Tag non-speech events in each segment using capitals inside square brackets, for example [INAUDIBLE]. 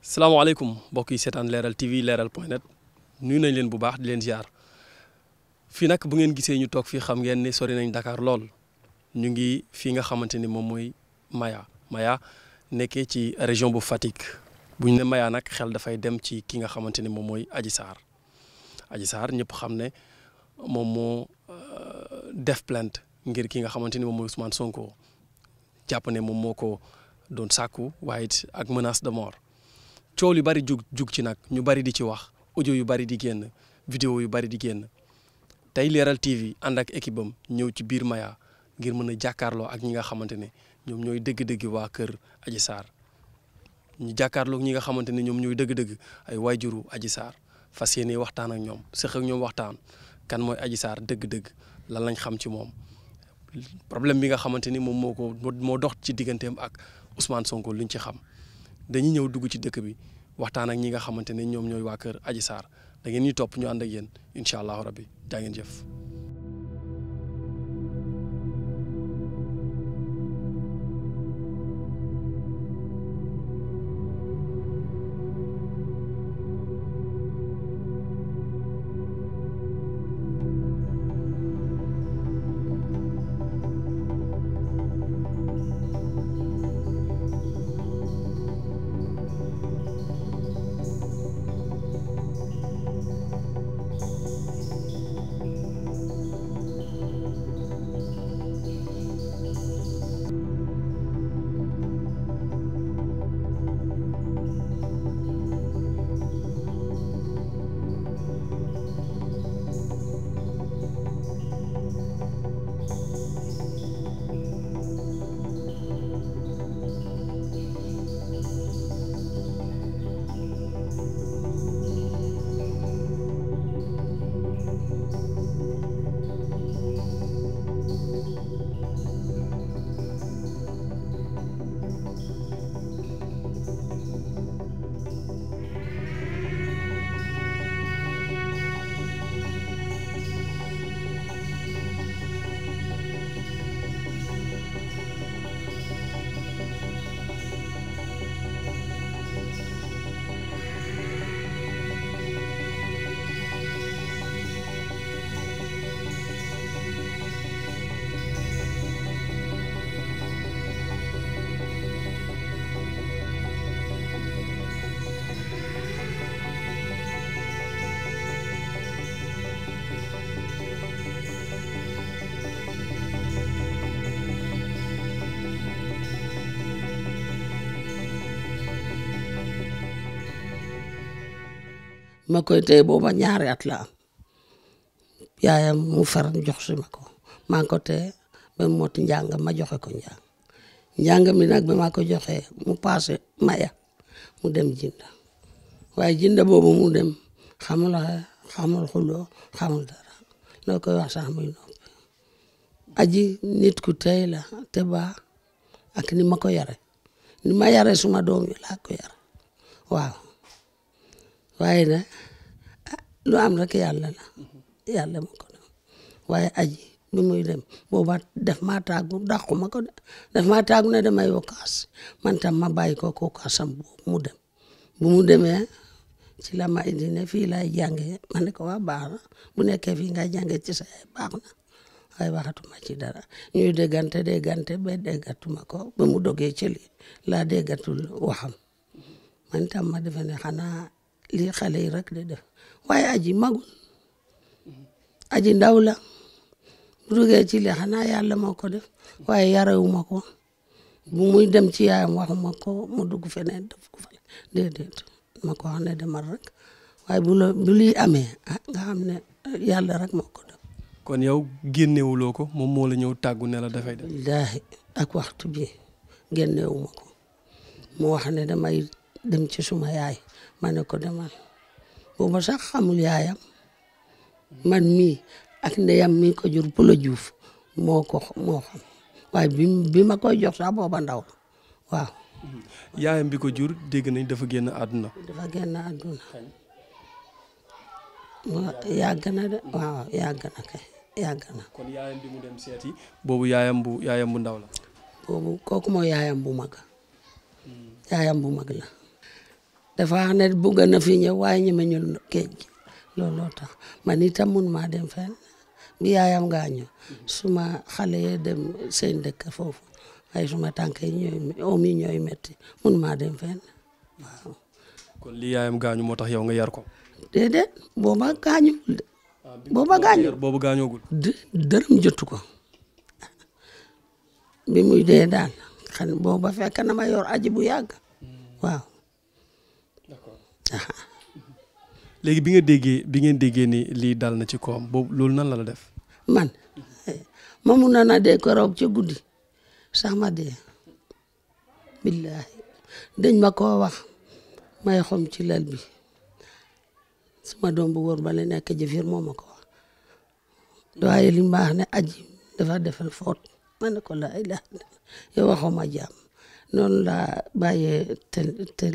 salaamaaleykum mbokk yi seetaan leeral TV leeral point net nuyu nañ leen bu baax di leen ziar fii nag bu ngeen gisee ñu toog fii xam ngeen ni sori nañ Dakar lool ñu ngi fii nga xamante ni moom mooy Maya Maya nekkee ci région bu Fatick bu ñu ne Maya nag xel dafay dem ci ki nga xamante ni moom mooy aji Sarr Adji Sarr ñëpp xam ne moom moo euh, def plainte ngir ki nga xamante ni moom mooy Ousmane Sonko jàpp ne moom moo ko doon sàkku waaye ak menace de mort coow yu bari jug jug ci nag ñu bari di ci wax audio yu bari di génn vidéo yu bari di génn tey Leral TV ànd ak équipe ñëw ci biir Maya ngir mën a jàkkaarloo ak ñi nga xamante ne ñoom ñooy dëgg-dëgg waa kër Adji Sarr ñu jàkkaarloo ñi nga xamante ne ñoom ñooy dëgg-dëgg ay waajuru Adji Sarr fas yéene waxtaan ak ñoom seq ak ñoom waxtaan kan mooy Adji Sarr dëgg-dëgg lan lañ xam ci moom. problème bi nga xamante ni moom moo ko moo dox ci digganteem ak Ousmane Sonko ñu ci xam dañuy ñëw dugg ci dëkk bi waxtaan ak ñi nga xamante ne ñoom ñooy waa kër aji saar da ngeen ñuy topp ñu ànd ak yéen incha allahu rabbi jaa ngeen jëf. ma koy téye booba ñaari at la am yaayam mu far jox si ma ko maa ngi ko téye ma joxe ko njàng njàng mi nag ba maa ko joxee mu paase maya mu dem jinda waaye jinda boobu mu dem xamul xamul xuloo xamul dara loo ko wax sax noppi aji nit ku tey la te baa ak ni ma ko yare ni ma yare suma doom yi laa ko yare waaw waaye nag lu am rek yàlla la yàlla mako ko doon waaye aji bi dem booba def maa taagu dàqu ma ko def maa taagu ne damay wakaas man tam ma bàyyi ko ko kaasam boobu mu dem bu mu demee ci la ma indi ne fii laay jàngee ma ne ko waa baax na bu nekkee fii nga jàngee ci sa baax na waaye waxatuma ci dara ñuy déggante déggante ba déggatuma ko ba mu dogee ci li laa déggatul man tam ma defe ne lii xale yi rek di def waaye aji magul aji ndaw la bu duggee ci li xanaa yàlla moo ko def waaye yarewuma ko bu muy dem ci yaayam waxuma ko mu dugg feneen def ko fa déedéet ma ko wax ne demal rek waaye bu la bu lii amee ah, nga xam ne yàlla rek moo ko def. kon yow génnewuloo ko moom moo la ñëw tàggu ne la dafay def. wallaahi ak waxtu bi génnewuma ko mu wax ne damay dem ci suma yaay ma ne ko demal booba sax xamul yaayam man mii ak ndeyam mii ko jur Pula Juuf moo ko moo xam waaye bi ma koy jox sax booba ndaw waaw. Mm-hmm. yaayam bi ko jur dégg nañ dafa génn àdduna. dafa génn àdduna yàgg na de waaw yàgg na kay yàgg na. mu dem seeti. boobu yaayam bu yaayam bu ndaw la. boobu kooku mooy yaayam bu mag. Mm. yaayam bu mag la. dafa wax ne bugg na fi ñëw waaye ñemeñul géej gi looloo tax man itam mun maa dem fenn bi yaayam gaañoo suma xale yee dem seen dëkk foofu suma tànk yi ñooy oom yi metti mun maa dem fenn waaw. kon li yaayam gaañu moo tax yow nga yar ko. déedéet booba gaañu ah, boobu gaañoogul. dërëm jotu ko bi muy dee daal xan booba fekk na ma yor aji bu yàgg hmm. [LAUGHS] léegi bi nga déggee bi ngeen déggee ni lii dal na ci koom boobu loolu nan la la def. man ma mun na na dee koroog ci guddi sax ma dee billaahi dañ ma koo wax may xom ci lal bi suma doom bu góor ba la nekk jëfir moom ma ko wax waaye li ma wax ne aji dafa defal foot ma ko la ay la yow waxuma jaam noonu la bàyyee te te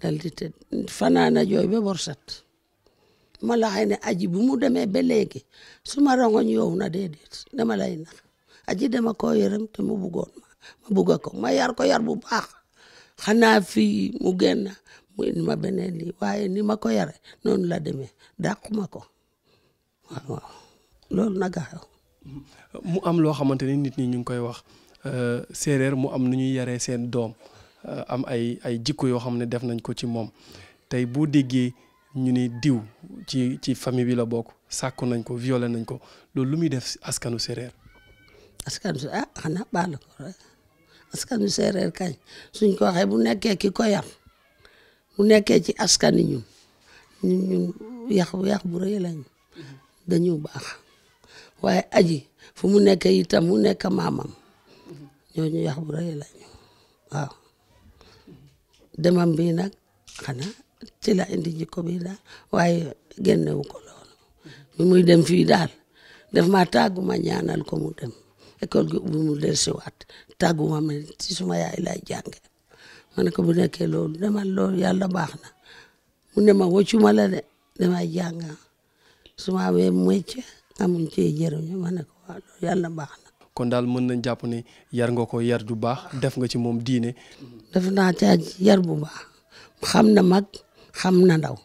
dal di fanaana jooy ba borsat ma laxay ne aji bu mu demee ba léegi su ma rongoñ yow na déedéet dama lay nax aji dama ko yërëm te mu buggoon ma ma bugga ko ma yar ko yar bu baax xanaa fii mu génn mu indi ma beneen lii waaye ni ma ko yare noonu la demee dàquma ko waaw waaw loolu mu am loo xamante ni nit ñi ñu ngi koy wax euh, séeréer mu am nu ñuy yaree seen doom Euh, am ay ay jikko yoo xam ne def nañ ko ci moom tey boo déggee ñu ni diw ci ci famille bi la bokk sàkku nañ ko violé nañ ko loolu lu muy def askanu séeréer. askanu ah xanaa baal ko askanu séeréer kañ suñ ko waxee mu nekkee ki ko yar bu nekkee ci askan wi ñun ñun yàq bu yàq bu rëy lañu baax waaye aji fu mu nekkee itam mu nekk maamam ñooñu yàq bu rëy lañu demam bi nag xanaa ci la indi jikko bi daal waaye génnewu ko loolu muy dem fii daal def ma tàggu ma ñaanal ko mu dem école gi ubbi mu dellusiwaat tàggu ma ma ci suma yaay lay jànge ma ne ko bu nekkee loolu demal loolu yàlla baax na mu ne ma wóccuma la de damay jàng suma amee métier amuñ ci jëriñu ma ne ko waaw loolu yàlla baax kon daal mën nañ jàpp ne yar nga ko yar du baax def nga ci moom diine. def naa ca yar bu baax xam na mag xam na ndaw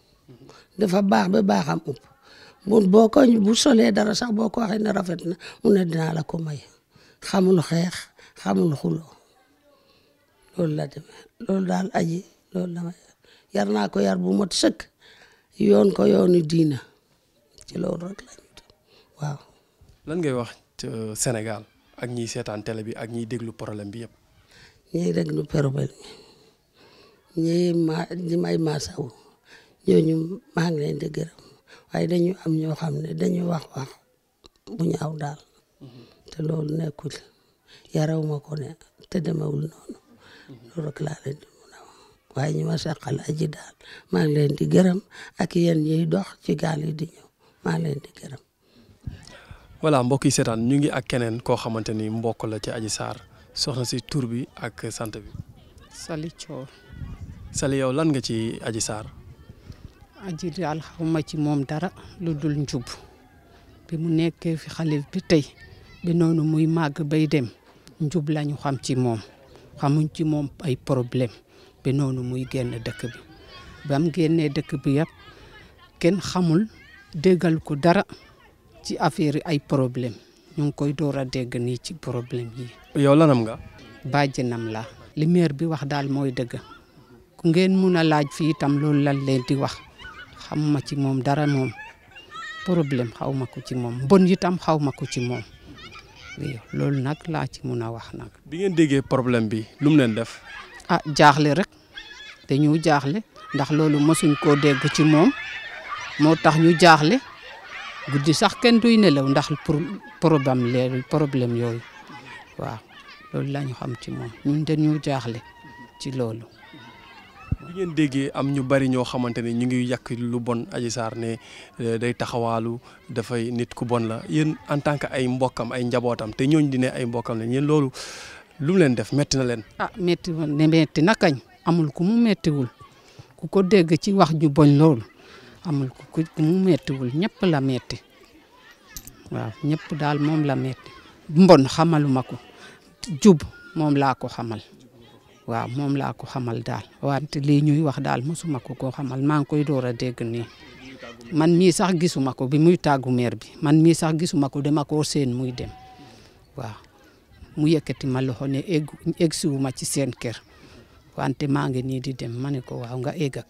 dafa baax ba baaxam ëpp bu boo ko bu solee dara sax boo ko waxee ne rafet na mu ne dinaa la ko may xamul xeex xamul xuloo loolu la demee loolu daal aji loolu la yar naa ko yar bu mot sëkk yoon ko yoonu diina ci loolu rek lañu waaw. lan ngay wax euh, Sénégal. ak ñiy seetaan télé bi ak ñiy déglu problème bi yëpp. ñiy déglu problème bi ñiy ma ñi may maasawu ñooñu maa ngi leen di waaye dañu am ñoo xam ne dañu wax wax bu ñaaw daal. te loolu nekkul yaraw ma ko ne te demewul noonu. loolu rek laa leen di mun a wax waaye ñu ma saqal aji daal maa ngi leen di gërëm ak yéen ñiy dox ci gaal yi voilà mbokk yi seetaan ñu ngi ak keneen koo xamante ni mbokk la ci Adji saar soxna si tur bi ak sant bi. Sali Thior. Sali yow lan nga ci Adji Sarr. Adji daal xawma ci moom dara lu dul njub bi mu nekkee fi xale bi tey bi noonu muy màgg bay dem njub lañu xam ci moom xamuñ ci moom ay problème bi noonu muy génn dëkk bi bam génnee dëkk bi yëpp kenn xamul déggal ko dara. ci affaire ay problème ñu ngi koy door a dégg nii ci problème yi. yow lanam nga. bàjjenam la li bi wax daal mooy dëgg ku ngeen mun a laaj fii itam loolu lan leen di wax xam ma ci moom dara moom problème xaw ma ko ci moom mbon itam xaw ma ko ci moom loolu nag laa ci mun a wax nag. bi ngeen déggee problème bi lu leen def. ah jaaxle rek dañu jaaxle ndax loolu mosuñ koo dégg ci moom moo tax ñu jaaxle. guddi sax kenn duy nelaw ndax pour problème leer problème yooyu waaw loolu la ñu xam ci moom ñun dañu jaaxle ci loolu. bi ngeen déggee am ñu bari ñoo xamante ne ñu ngi yàq lu bon Adji Sarr ne euh, day taxawaalu dafay nit ku bon la yéen en tant que ay mbokkam ay njabootam te ñooñu di ne ay mbokkam la yéen loolu lu leen def metti na leen. ah metti ne metti na kañ amul ku mu mettiwul ku ko dégg ci wax ñu boñ loolu amul ku ku mu mettiwul ñëpp la metti waaw ñëpp daal moom la metti mbon xamaluma ko jub moom laa ko xamal waaw moom laa ko xamal daal wante lii ñuy wax daal mosuma ko koo xamal maa ngi koy door a dégg nii man mii sax gisuma ko bi muy tàggu meer bi man mii sax gisuma ko dama koo seen muy dem waaw mu yëkkati ma loxo ne egg egg siwuma ci seen kër wante maa ngi nii di dem ma ne ko waaw nga egg ak